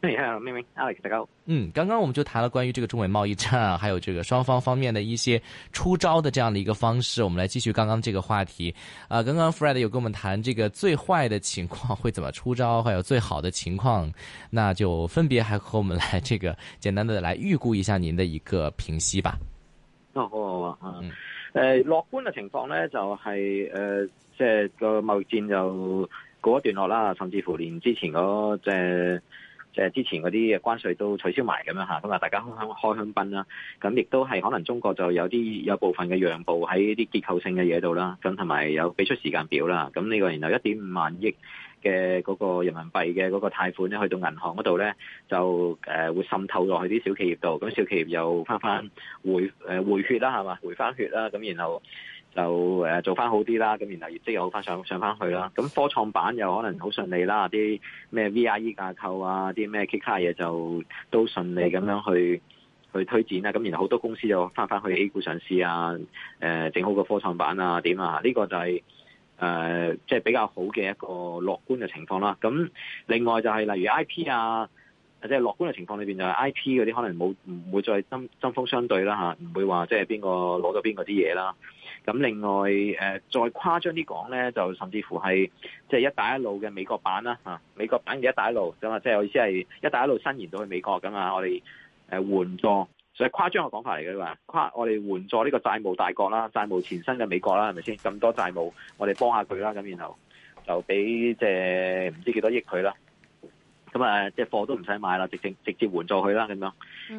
係啊，明明 Hello 大家好。嗯，剛剛我們就談了關於這個中美貿易戰，啊，還有這個雙方方面的一些出招的這樣的一個方式。我們來繼續剛剛這個話題。啊、呃，剛剛 Fred 有跟我們談這個最壞的情況會怎麼出招，還有最好的情況，那就分別還和我們來這個簡單的來預估一下您的一個評析吧。哦，好好啊，誒、嗯呃，樂觀嘅情況咧就係、是、誒，即係個貿易戰就過一段落啦，甚至乎連之前嗰即誒之前嗰啲關稅都取消埋咁樣嚇咁啊大家香香開香檳啦，咁亦都係可能中國就有啲有部分嘅讓步喺啲結構性嘅嘢度啦，咁同埋有俾出時間表啦，咁呢個然後一點五萬億嘅嗰個人民幣嘅嗰個貸款咧去到銀行嗰度咧就誒會滲透落去啲小企業度，咁小企業又翻翻回誒回回血啦係嘛，回翻血啦，咁然後。就誒做翻好啲啦，咁然後業績又好翻上上翻去啦。咁科創板又可能好順利啦，啲咩 V I E 架構啊，啲咩 K 卡嘢就都順利咁樣去去推展啦。咁然後好多公司就翻翻去 A 股上市啊，誒、呃、整好個科創板啊，點啊？呢、這個就係誒即係比較好嘅一個樂觀嘅情況啦。咁另外就係例如 I P 啊，即、就、係、是、樂觀嘅情況裏面，就係 I P 嗰啲可能冇唔會再針針鋒相對啦嚇，唔會話即係邊個攞咗邊個啲嘢啦。咁另外誒，再誇張啲講咧，就甚至乎係即係一帶一路嘅美國版啦嚇，美國版嘅一帶一路咁啊，即係我意思係一帶一路伸延到去美國咁啊，我哋誒援助，所以誇張嘅講法嚟嘅啫嘛，誇我哋援助呢個債務大國啦，債務前身嘅美國啦，係咪先？咁多債務，我哋幫下佢啦，咁然後就俾即係唔知幾多億佢啦。咁啊，即係貨都唔使買啦，直接直接援助佢啦，咁樣。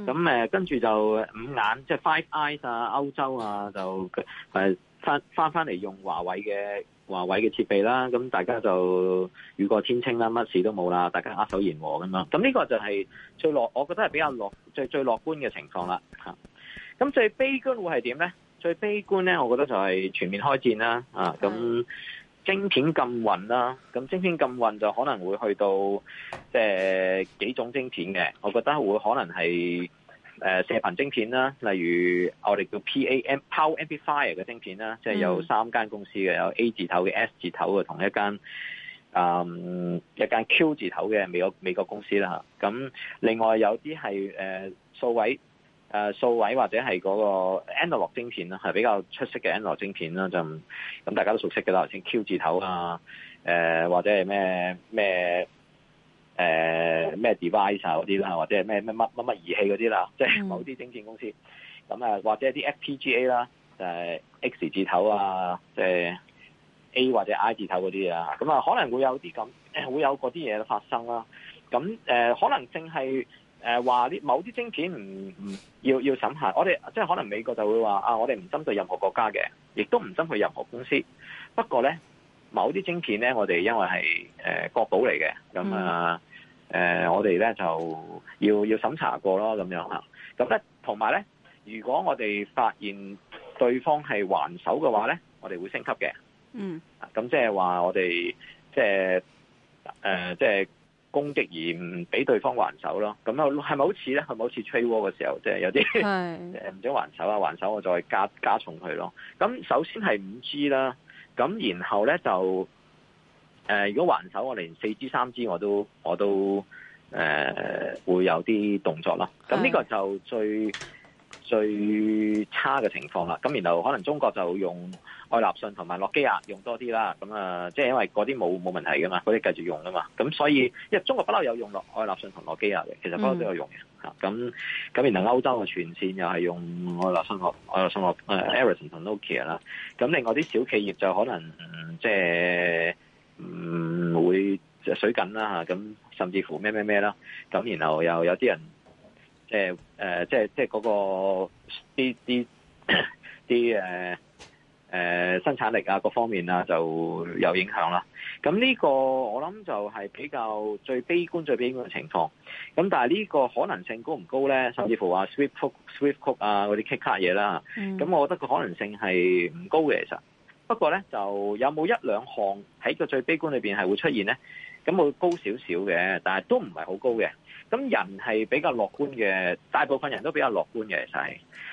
咁、嗯、跟住就五眼，即、就、係、是、Five Eyes 啊，歐洲啊，就返翻翻翻嚟用華為嘅華為嘅設備啦。咁大家就雨過天青啦，乜事都冇啦，大家握手言和咁樣。咁呢個就係最樂，我覺得係比較樂，最、就是、最樂觀嘅情況啦。嚇！咁最悲觀會係點咧？最悲觀咧，我覺得就係全面開戰啦。的啊，咁。晶片禁運啦，咁晶片禁運就可能會去到即係幾種晶片嘅，我覺得會可能係射頻晶片啦，例如我哋叫 PAM Power Amplifier 嘅晶片啦，即係有三間公司嘅，有 A 字頭嘅、S 字頭嘅同一間，嗯，一間 Q 字頭嘅美國美國公司啦吓，咁另外有啲係、呃、數位。誒數位或者係嗰個 Analog 晶片啦，係比較出色嘅 Analog 晶片啦，就咁大家都熟悉嘅啦。頭先 Q 字頭啊，誒或者係咩咩誒咩 device 嗰啲啦，或者係咩咩乜乜乜儀器嗰啲啦，即係某啲晶片公司。咁啊，或者啲 FPGA 啦，就係 X 字頭啊，即係 A 或者 I 字頭嗰啲啊。咁啊，可能會有啲咁會有嗰啲嘢發生啦。咁誒，可能淨係。誒，話呢某啲晶片唔唔要要審核，我哋即係可能美國就會話啊，我哋唔針對任何國家嘅，亦都唔針對任何公司。不過咧，某啲晶片咧，我哋因為係誒國寶嚟嘅，咁啊誒，我哋咧就要要審查過咯，咁樣吓。咁咧，同埋咧，如果我哋發現對方係還手嘅話咧，我哋會升級嘅。嗯。咁即係話我哋即係誒即係。攻擊而唔俾對方還手咯，咁又係咪好似咧？係咪好似吹波嘅時候，即、就、係、是、有啲唔是 想還手啊，還手我再加加重佢咯。咁首先係五 G 啦，咁然後咧就誒、呃、如果還手，我連四 G、三 G 我都我都誒、呃、會有啲動作啦。咁呢個就最最差嘅情況啦。咁然後可能中國就用。愛立信同埋諾基亞用多啲啦，咁啊，即係因為嗰啲冇冇問題噶嘛，嗰啲繼續用啊嘛，咁所以，因為中國不嬲有用愛愛立信同諾基亞嘅，其實不嬲都有用嘅嚇，咁咁然後歐洲嘅全線又係用愛立信和、愛愛立信、愛誒 Ericsson 同 Nokia、ok、啦，咁另外啲小企業就可能即係唔會水緊啦嚇，咁甚至乎咩咩咩啦，咁然後又有啲人誒誒、呃呃，即係即係嗰、嗰個啲啲啲誒。誒生產力啊，各方面啊，就有影響啦。咁呢個我諗就係比較最悲觀最悲觀嘅情況。咁但係呢個可能性高唔高咧？甚至乎話 Swift Cook, Swift Cook 啊 Swift Cook Swift Cook 啊嗰啲 kick 卡嘢啦。咁、嗯、我覺得個可能性係唔高嘅其實。不過咧就有冇一兩項喺個最悲觀裏面係會出現咧？咁會高少少嘅，但係都唔係好高嘅。咁人係比較樂觀嘅，大部分人都比較樂觀嘅其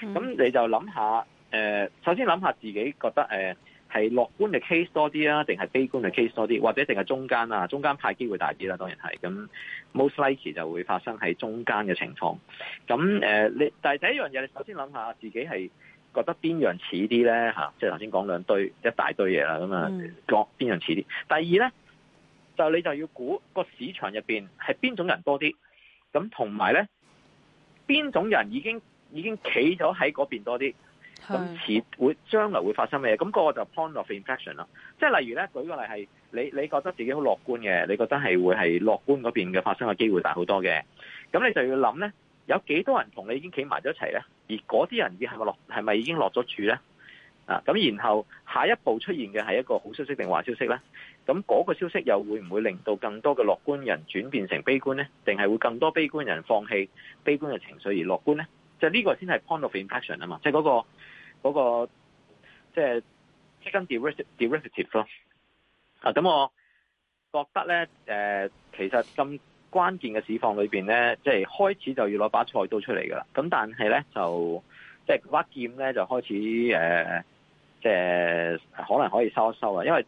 實。咁你就諗下。誒、呃，首先諗下自己覺得誒係樂觀嘅 case 多啲啦，定係悲觀嘅 case 多啲，或者定係中間啊，中間派機會大啲啦，當然係咁。Most likely 就會發生喺中間嘅情況。咁誒、呃，你但係第一樣嘢，你首先諗下自己係覺得邊樣似啲咧吓，即係頭先講兩堆，一大堆嘢啦，咁啊，講邊、嗯、樣似啲。第二咧，就你就要估個市場入邊係邊種人多啲，咁同埋咧邊種人已經已經企咗喺嗰邊多啲。咁似會將來會發生咩嘢？咁嗰個就係 point of infection 囉。即係例如咧，舉個例係你你覺得自己好樂觀嘅，你覺得係會係樂觀嗰邊嘅發生嘅機會大好多嘅。咁你就要諗咧，有幾多人同你已經企埋咗一齊咧？而嗰啲人係咪落係咪已經落咗柱咧？啊，咁然後下一步出現嘅係一個好消息定壞消息咧？咁嗰個消息又會唔會令到更多嘅樂觀人轉變成悲觀咧？定係會更多悲觀人放棄悲觀嘅情緒而樂觀咧？就呢個先係 point of infection 啊嘛，即係嗰個。嗰、那個即係即跟 derivative 咯，啊、就、咁、是、我覺得咧、呃、其實咁關鍵嘅市況裏面咧，即、就、係、是、開始就要攞把菜刀出嚟噶啦。咁但係咧就即係挖劍咧，就開始誒，即、呃、係、就是、可能可以收一收啊。因為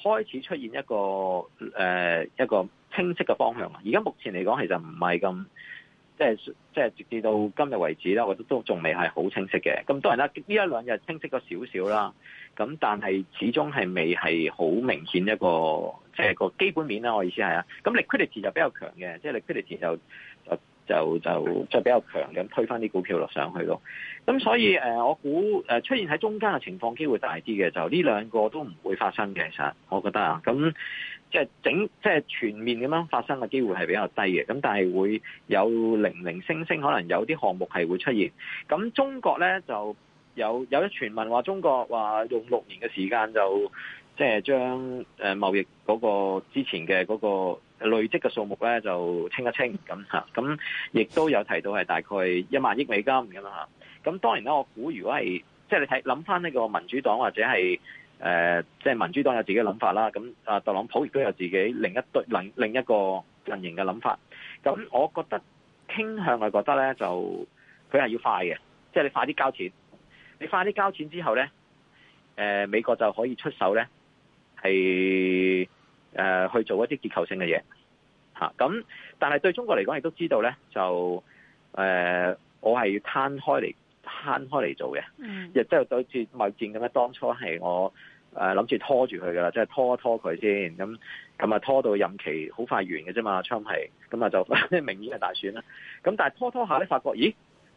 開始出現一個誒、呃、一個清晰嘅方向。而家目前嚟講，其實唔係咁。即係即係直至到今日為止啦，我覺得都仲未係好清晰嘅。咁當然啦，呢一兩日清晰咗少少啦。咁但係始終係未係好明顯一個即係個基本面啦。我意思係啊，咁 liquidity 就比較強嘅，即係 liquidity 就。就就即係比較強咁推翻啲股票落上去咯。咁所以誒，我估誒出現喺中間嘅情況機會大啲嘅，就呢兩個都唔會發生嘅。其實我覺得啊，咁即係整即係全面咁樣發生嘅機會係比較低嘅。咁但係會有零零星星，可能有啲項目係會出現。咁中國咧就有有啲傳聞話中國話用六年嘅時間就即係將誒貿易嗰個之前嘅嗰個累積嘅數目咧就清一清咁嚇，咁亦都有提到係大概一萬億美金咁啊！咁當然啦，我估如果係即係你睇諗翻呢個民主黨或者係誒即係民主黨有自己嘅諗法啦，咁啊特朗普亦都有自己另一隊另另一個陣營嘅諗法。咁我覺得傾向係覺得咧就佢係要快嘅，即係你快啲交錢，你快啲交錢之後咧、呃，美國就可以出手咧，係、呃、去做一啲結構性嘅嘢。咁、啊，但係對中國嚟講，亦都知道咧，就誒、呃，我係要攤開嚟攤開嚟做嘅，亦即係對住貿易戰咁咧。當初係我誒諗住拖住佢噶啦，即、就、係、是、拖一拖佢先，咁咁啊，拖到任期好快完嘅啫嘛。川普係咁啊，就即明顯嘅大選啦。咁但係拖拖下咧，發覺咦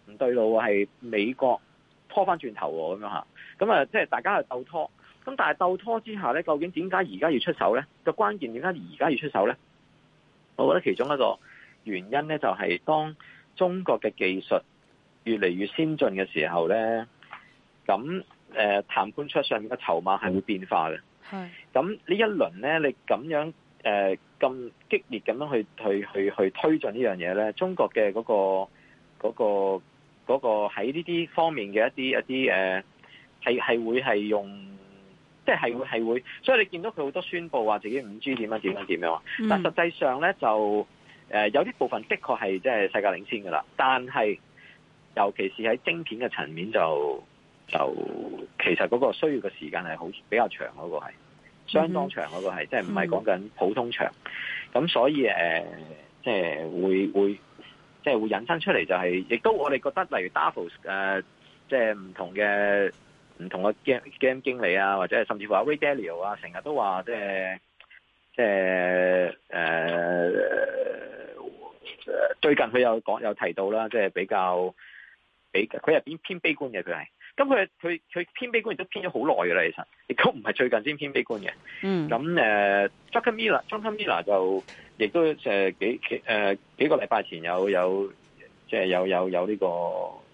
唔對路喎，係美國拖翻轉頭喎，咁樣吓，咁啊，即係大家係鬥拖咁，但係鬥拖之下咧，究竟點解而家要出手咧？個關鍵點解而家要出手咧？我覺得其中一個原因咧，就係當中國嘅技術越嚟越先進嘅時候咧，咁誒談判桌上面嘅籌碼係會變化嘅。係。咁呢一輪咧，你咁樣誒咁激烈咁樣去去去去推進呢樣嘢咧，中國嘅嗰個嗰個嗰個喺呢啲方面嘅一啲一啲誒係係會係用。即係會係會，所以你見到佢好多宣佈話自己五 G 點樣點樣點樣啊，但實際上咧就，誒有啲部分的確係即係世界領先嘅啦，但係尤其是喺晶片嘅層面就，就其實嗰個需要嘅時間係好比較長，嗰個係相當長，嗰個係，即係唔係講緊普通長咁，所以誒即係會會即係會引申出嚟就係，亦都我哋覺得例如 Davos 誒、呃、即係唔同嘅。唔同嘅 game game 經理啊，或者甚至乎阿 Ray Dalio 啊，成日都話，即係即係誒誒，最近佢有講，有提到啦，即係比較比佢入邊偏悲觀嘅佢係，咁佢佢佢偏悲觀亦都偏咗好耐㗎啦，其實亦都唔係最近先偏悲觀嘅。嗯，咁誒，Jonathan Miller Jonathan Miller 就亦都誒幾誒幾個禮拜前有有即係有有有呢個。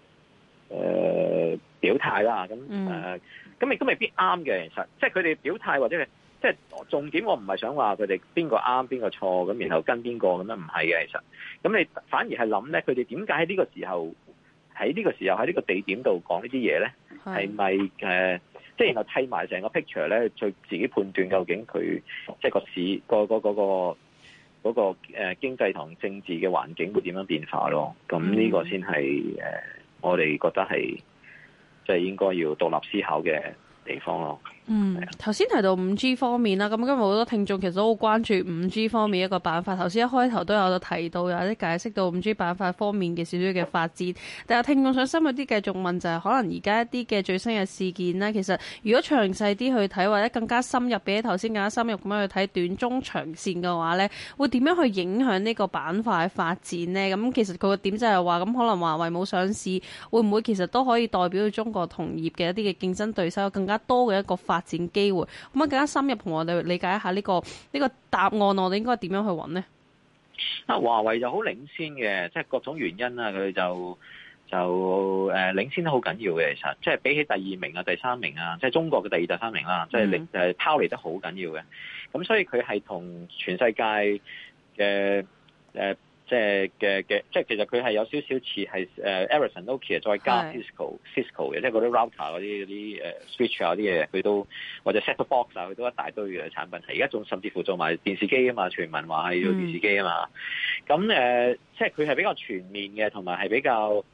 誒、呃，表態啦，咁誒，咁亦都未必啱嘅。其實，即係佢哋表態或者係，即係重點我誰誰，我唔係想話佢哋邊個啱邊個錯，咁然後跟邊個咁樣，唔係嘅。其實，咁你反而係諗咧，佢哋點解喺呢個時候，喺呢個時候喺呢個地點度講呢啲嘢咧？係咪誒，即係、呃、的然後睇埋成個 picture 咧，再自己判斷究竟佢、嗯、即係個市、個、個、個、個嗰個誒經濟同政治嘅環境會點樣變化咯？咁呢個先係誒。嗯呃我哋覺得係即係應該要獨立思考嘅地方咯。嗯，頭先提到五 G 方面啦，咁今日好多聽眾其實都好關注五 G 方面一個板塊。頭先一開頭都有提到，有啲解釋到五 G 板塊方面嘅少少嘅發展。但係聽眾想深入啲繼續問就係、是，可能而家一啲嘅最新嘅事件呢，其實如果詳細啲去睇，或者更加深入，比起頭先更加深入咁樣去睇短中長線嘅話呢，會點樣去影響呢個板塊嘅發展呢？咁其實佢個點就係、是、話，咁可能話華為冇上市會唔會其實都可以代表中國同業嘅一啲嘅競爭對手更加多嘅一個發展發展機會，咁樣更加深入同我哋理解一下呢、呢個呢、呢個答案，我哋應該點樣去揾呢？啊，華為就好領先嘅，即係各種原因啦、啊，佢就就誒、呃、領先得好緊要嘅，其實即係比起第二名啊、第三名啊，即係中國嘅第二、第三名啦，即係零誒拋離得好緊要嘅。咁所以佢係同全世界嘅誒。呃即係嘅嘅，即係其實佢係有少少似係誒 Ericsson、Nokia 再加 Cisco、Cisco 嘅，即係嗰啲 router 嗰啲啲 switch 啊啲嘢，佢都或者 set box 啊，佢都一大堆嘅產品。而家仲甚至乎做埋電視機啊嘛，全民話係做電視機啊嘛。咁、嗯嗯、即係佢係比較全面嘅，同埋係比較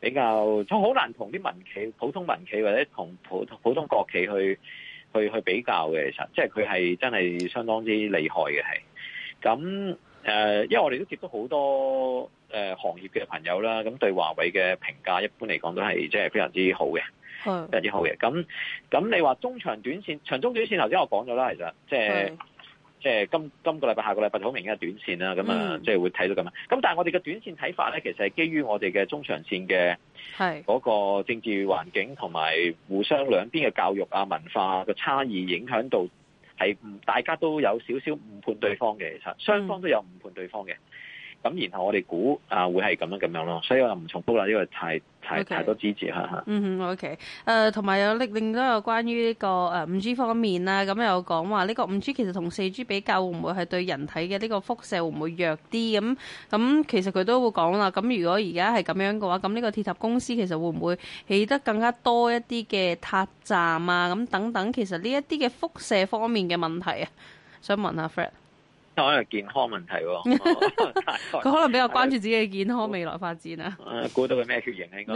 比較，佢好難同啲民企、普通民企或者同普普通國企去去去比較嘅。其實，即係佢係真係相當之厲害嘅，係咁。誒，因為我哋都接觸好多誒行業嘅朋友啦，咁對華為嘅評價一般嚟講都係即係非常之好嘅，的非常之好嘅。咁咁你話中長短線、長中短線，頭先我講咗啦，其實即係即係今今個禮拜、下個禮拜好明顯嘅短線啦，咁啊，即係會睇到咁樣。咁但係我哋嘅短線睇法咧，其實係基於我哋嘅中長線嘅係嗰個政治環境同埋互相兩邊嘅教育啊、文化嘅差異影響到。係唔大家都有少少誤判對方嘅，其實雙方都有誤判對方嘅。咁然後我哋估啊會係咁樣咁樣咯，所以我唔重複啦，因為太太，太多支節嚇嚇。嗯 OK，誒同埋有另另都有關於呢個誒五 G 方面啦，咁有講話呢個五 G 其實同四 G 比較會唔會係對人體嘅呢個輻射會唔會弱啲咁？咁其實佢都會講啦。咁如果而家係咁樣嘅話，咁呢個鐵塔公司其實會唔會起得更加多一啲嘅塔站啊？咁等等，其實呢一啲嘅輻射方面嘅問題啊，想問下 Fred。可能健康問題、哦，佢 可能比較關注自己嘅健康未來發展啊！估 到佢咩血型、啊、應該？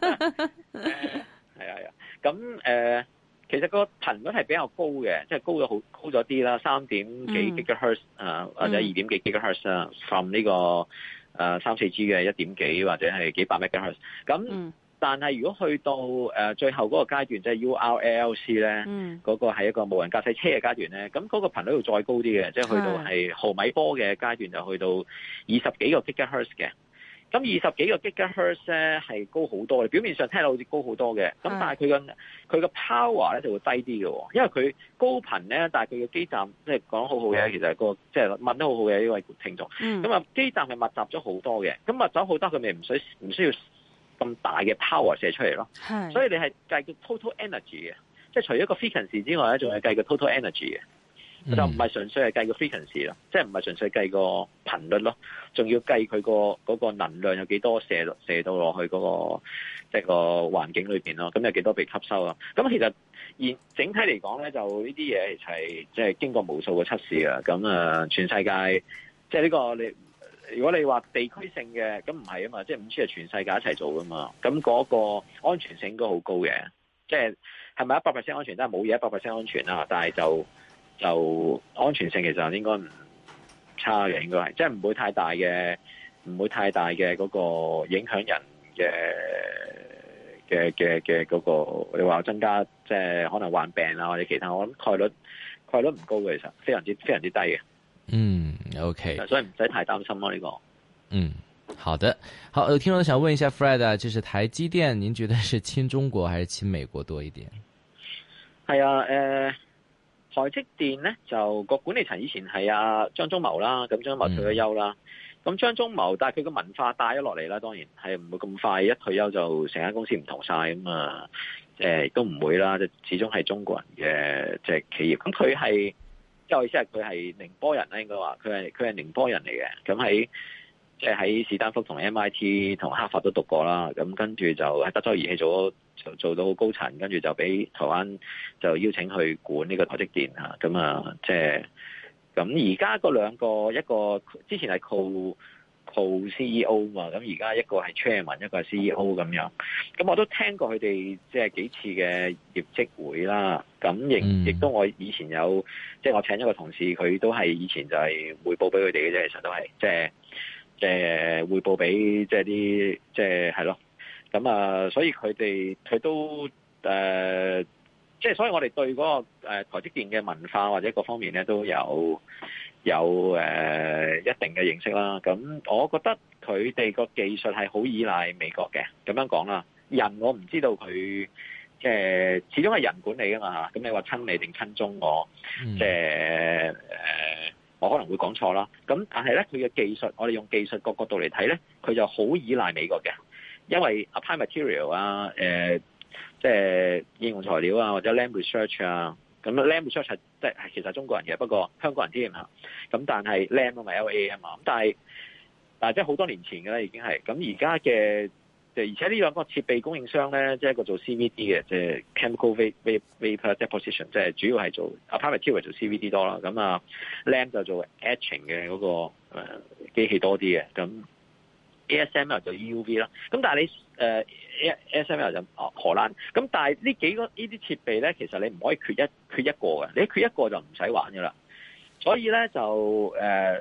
係 啊，啊。咁誒、啊呃，其實個頻率係比較高嘅，即、就、係、是、高咗好高咗啲啦，三點幾 GHz 啊，或者二點幾 GHz 啊，from 呢個誒三四 G 嘅一點幾或者係幾百 MHz 咁。嗯。但係如果去到誒最後嗰個階段，即係 U、R、L、L、嗯、C 咧，嗰個係一個無人駕駛車嘅階段咧，咁、那、嗰個頻率要再高啲嘅，即係是去到係毫米波嘅階段，就去到二十幾個 GHz 嘅。咁二十幾個 GHz 咧係高好多嘅，表面上聽落好似高好多嘅，咁但係佢嘅佢嘅 power 咧就會低啲嘅，因為佢高頻咧，但係佢嘅基站即係、就是、講好好嘅，是其實、那個個即係問得好好嘅呢位聽眾。咁啊、嗯，基站係密集咗好多嘅，咁密集好多佢咪唔需唔需要？咁大嘅 power 射出嚟咯，是所以你係計個 total energy 嘅，即、就、係、是、除咗個 frequency 之外咧，仲係計個 total energy 嘅，嗯、就唔係純粹係計個 frequency 咯，即係唔係純粹計個頻率咯，仲要計佢個嗰能量有幾多射射到落去嗰、那個即係、就是、個環境裏邊咯，咁有幾多被吸收啊？咁其實而整體嚟講咧，就呢啲嘢係即係經過無數嘅測試啊，咁啊全世界即係呢個你。如果你話地區性嘅，咁唔係啊嘛，即係五 G 係全世界一齊做噶嘛，咁嗰個安全性應該好高嘅，即係係咪一百 percent 安全？但係冇嘢一百 percent 安全啦，但係就就安全性其實應該唔差嘅，應該係即係唔會太大嘅，唔會太大嘅嗰個影響人嘅嘅嘅嘅嗰個，你話增加即係可能患病啊或者其他，我諗概率概率唔高嘅，其實非常之非常之低嘅，嗯。O Okay , K，所以唔使太擔心咯呢、這個。嗯，好的，好，有聽眾想問一下 Fred，、啊、就是台積電，您覺得是親中國還是親美國多一點？係啊，誒、呃，台積電呢，就個管理層以前係阿、啊、張忠謀啦，咁張忠謀退咗休啦，咁、嗯、張忠謀但係佢個文化帶咗落嚟啦，當然係唔會咁快一退休就成間公司唔同晒咁啊，誒、嗯、都唔會啦，就始終係中國人嘅即、就是、企業，咁佢係。即係意思係佢係寧波人啦，應該話佢係佢係寧波人嚟嘅。咁喺即係喺史丹福同 MIT 同哈佛都讀過啦。咁跟住就喺德州儀器做做做到高層，跟住就俾台灣就邀請去管呢個台積電啊。咁啊、就是，即係咁而家嗰兩個一個之前係靠副 CEO 嘛，咁而家一個係 Chairman，一個係 CEO 咁樣，咁我都聽過佢哋即係幾次嘅業績會啦，咁亦亦都我以前有，即係我請一個同事，佢都係以前就係匯報俾佢哋嘅啫，其實都係即係即係匯報俾即係啲即係係咯，咁啊，所以佢哋佢都誒，即係所以我哋對嗰個誒台積電嘅文化或者各方面咧都有。有誒、呃、一定嘅認識啦，咁我覺得佢哋個技術係好依賴美國嘅，咁樣講啦。人我唔知道佢即、呃、始終係人管理㗎嘛，咁你話親你定親中我，即係誒我可能會講錯啦。咁但係咧佢嘅技術，我哋用技術個角度嚟睇咧，佢就好依賴美國嘅，因為 Applied Materials 啊，即、呃、係、就是、應用材料啊，或者 Lam Research 啊。咁 Lam Research 係即係其實中國人嘅，不過香港人添嚇。咁但係 Lam 啊咪 LAM 啊，咁但係但係即係好多年前嘅啦已經係。咁而家嘅即係而且呢兩個設備供應商咧，即係一個做 CVD 嘅，即係 Chemical Vapor Deposition，即係主要係做，Apparently 做 CVD 多啦。咁啊，Lam 就做 etching 嘅嗰個誒機器多啲嘅。咁 ASML 就 EUV 啦，咁、呃、但係你誒 ASML 就荷蘭。咁但係呢幾個呢啲設備咧，其實你唔可以缺一缺一個嘅，你一缺一個就唔使玩嘅啦。所以咧就誒，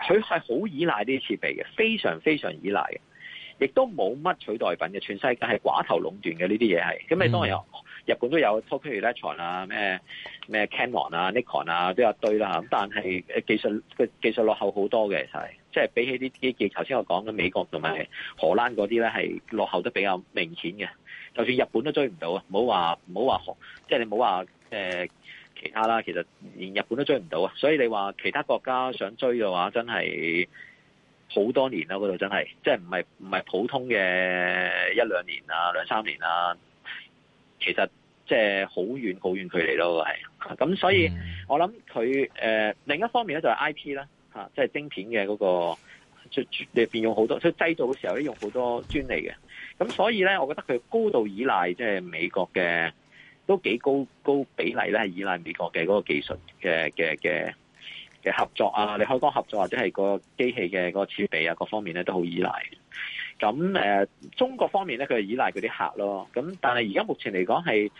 佢係好依賴呢啲設備嘅，非常非常依賴嘅，亦都冇乜取代品嘅。全世界係寡頭壟斷嘅呢啲嘢係。咁你當然有、嗯、日本都有 Tokyo Electron 啊，咩咩 Canon 啊、Nikon 啊，都有堆啦。咁但係技術技術落後好多嘅其實係。就是即係比起啲基建，頭先我講緊美國同埋荷蘭嗰啲咧，係落後得比較明顯嘅。就算日本都追唔到啊，唔好話唔好話，即係你唔好話誒其他啦。其實連日本都追唔到啊。所以你話其他國家想追嘅話，真係好多年啦。嗰度真係，即係唔係唔係普通嘅一兩年啊，兩三年啦、啊、其實即係好遠好遠距離咯，係。咁所以，嗯、我諗佢誒另一方面咧就係 IP 啦。即係晶片嘅嗰個，即係變用好多，製很多所以製造嘅時候咧用好多專利嘅。咁所以咧，我覺得佢高度依賴，即係美國嘅都幾高高比例咧係依賴美國嘅嗰個技術嘅嘅嘅嘅合作啊，你開光合作或者係個機器嘅嗰個設備啊，各方面咧都好依賴。咁誒、呃，中國方面咧，佢係依賴嗰啲客咯。咁但係而家目前嚟講係。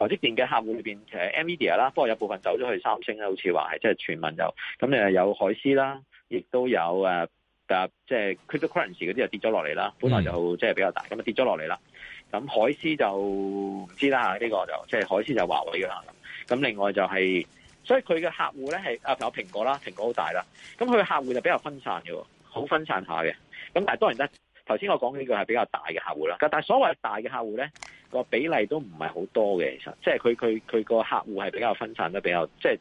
台積電嘅客戶裏面，其 NVIDIA 啦，不過有部分走咗去三星啦，好似話係即係傳聞就。咁誒有海思啦，亦都有誒誒，即係 Qualcomm 嗰啲就跌咗落嚟啦，本來就即係、就是、比較大，咁啊跌咗落嚟啦。咁海思就唔知啦呢、呢個就即係、就是、海思就華為噶啦。咁另外就係、是，所以佢嘅客戶咧係啊，有蘋果啦，蘋果好大啦。咁佢嘅客戶就比較分散嘅，好分散下嘅。咁但係當然咧。頭先我講呢個係比較大嘅客戶啦，但所謂大嘅客戶呢，個比例都唔係好多嘅。其實即係佢佢個客戶係比較分散得比較即係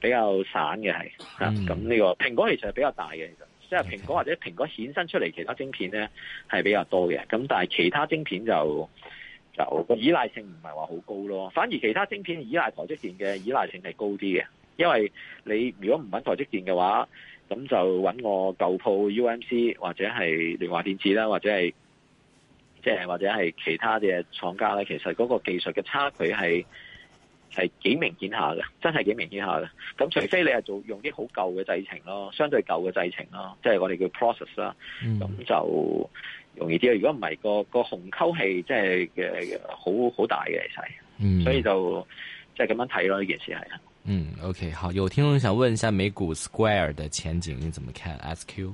比較散嘅係，咁呢、嗯啊、個蘋果其實係比較大嘅，其實即係蘋果或者蘋果衍生出嚟其他晶片呢，係比較多嘅，咁但係其他晶片就就個依賴性唔係話好高咯，反而其他晶片依賴台積電嘅依賴性係高啲嘅，因為你如果唔揾台積電嘅話。咁就搵我舊鋪 UMC 或者係聯華電子啦，或者係即係或者係其他嘅廠家咧，其實嗰個技術嘅差距係係幾明顯下嘅，真係幾明顯下嘅。咁除非你係做用啲好舊嘅製程咯，相對舊嘅製程咯，即係我哋叫 process 啦，咁、mm. 就容易啲。如果唔係個個鴻溝係即係嘅好好大嘅其實，所以就即係咁樣睇咯呢件事係。嗯，OK，好，有聽眾想問一下美股 Square 嘅前景，你怎麼看 SQ？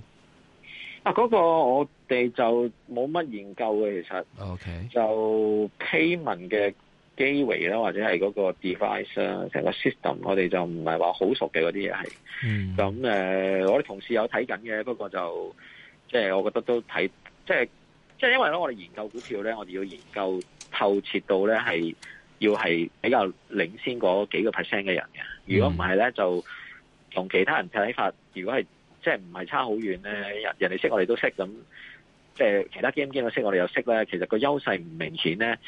啊，嗰、那個我哋就冇乜研究嘅，其實，OK，就 payment 嘅 gateway 啦，或者係嗰個 device 啦，成個 system，我哋就唔係話好熟嘅嗰啲嘢，係，嗯，咁誒、呃，我哋同事有睇緊嘅，不過就即係、就是、我覺得都睇，即係即係因為咧，我哋研究股票咧，我哋要研究透徹到咧係。是要係比較領先嗰幾個 percent 嘅人嘅，如果唔係咧，就同其他人睇法。如果係即係唔係差好遠咧，人人哋識我哋都識咁，即係其他 game, game 都識，我哋又識咧。其實個優勢唔明顯咧，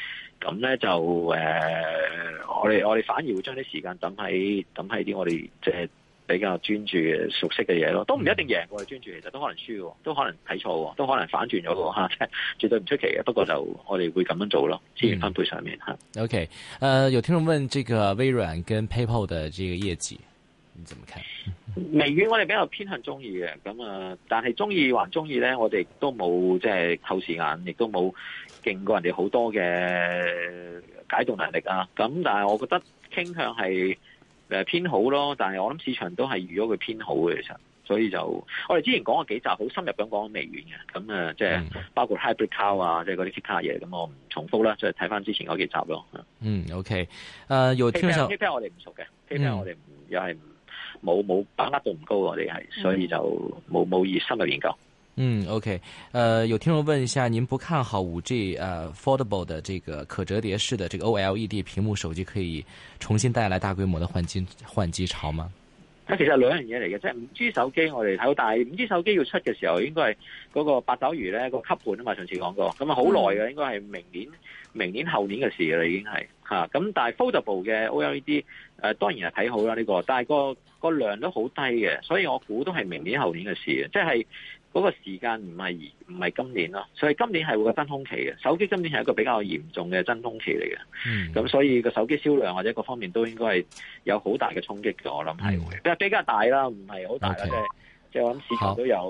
咁咧就誒、呃，我哋我哋反而會將啲時間等喺等喺啲我哋即係。比較專注嘅熟悉嘅嘢咯，都唔一定贏過。專注其實都可能輸，都可能睇錯，都可能反轉咗吓，絕對唔出奇嘅。不過就我哋會咁樣做咯，資源分配上面吓、嗯。OK，誒、呃，有聽眾問這個微軟跟 PayPal 的這個業績，你怎麼看？微軟我哋比較偏向中意嘅，咁啊，但係中意還中意咧，我哋都冇即係透視眼，亦都冇勁過人哋好多嘅解讀能力啊。咁但係我覺得傾向係。誒偏好咯，但係我諗市場都係預咗佢偏好嘅其實，所以就我哋之前講過幾集，好深入咁講微軟嘅，咁誒即係包括 hybrid card 啊，即係嗰啲貼卡嘢，咁我唔重複啦，再睇翻之前嗰幾集咯。嗯，OK，誒又聽就，PP 我哋唔熟嘅、um,，PP 我哋又係冇冇把握度唔高，我哋係，所以就冇冇意深入研究。嗯，OK，誒、呃，有聽眾問一下，您不看好五 G 啊、呃、，foldable 的這個可折疊式的這個 OLED 屏幕手機可以重新帶來大規模的換機換機潮嗎？啊，其實兩樣嘢嚟嘅，即係五 G 手機我哋睇到，但係五 G 手機要出嘅時候，應該係嗰個八爪魚咧、呢個吸盤啊嘛，上次講過，咁啊好耐嘅，嗯、應該係明年、明年後年嘅事啦，已經係吓，咁、啊、但係 foldable 嘅 OLED 誒、呃，當然係睇好啦呢、呢個，但係個個量都好低嘅，所以我估都係明年後年嘅事嘅，即係。嗰個時間唔係唔係今年咯，所以今年係會有真空期嘅手機，今年係一個比較嚴重嘅真空期嚟嘅。咁、嗯、所以個手機銷量或者各方面都應該係有好大嘅衝擊嘅，我諗係會比較比較大啦，唔係好大啦即係即係我諗市場都有。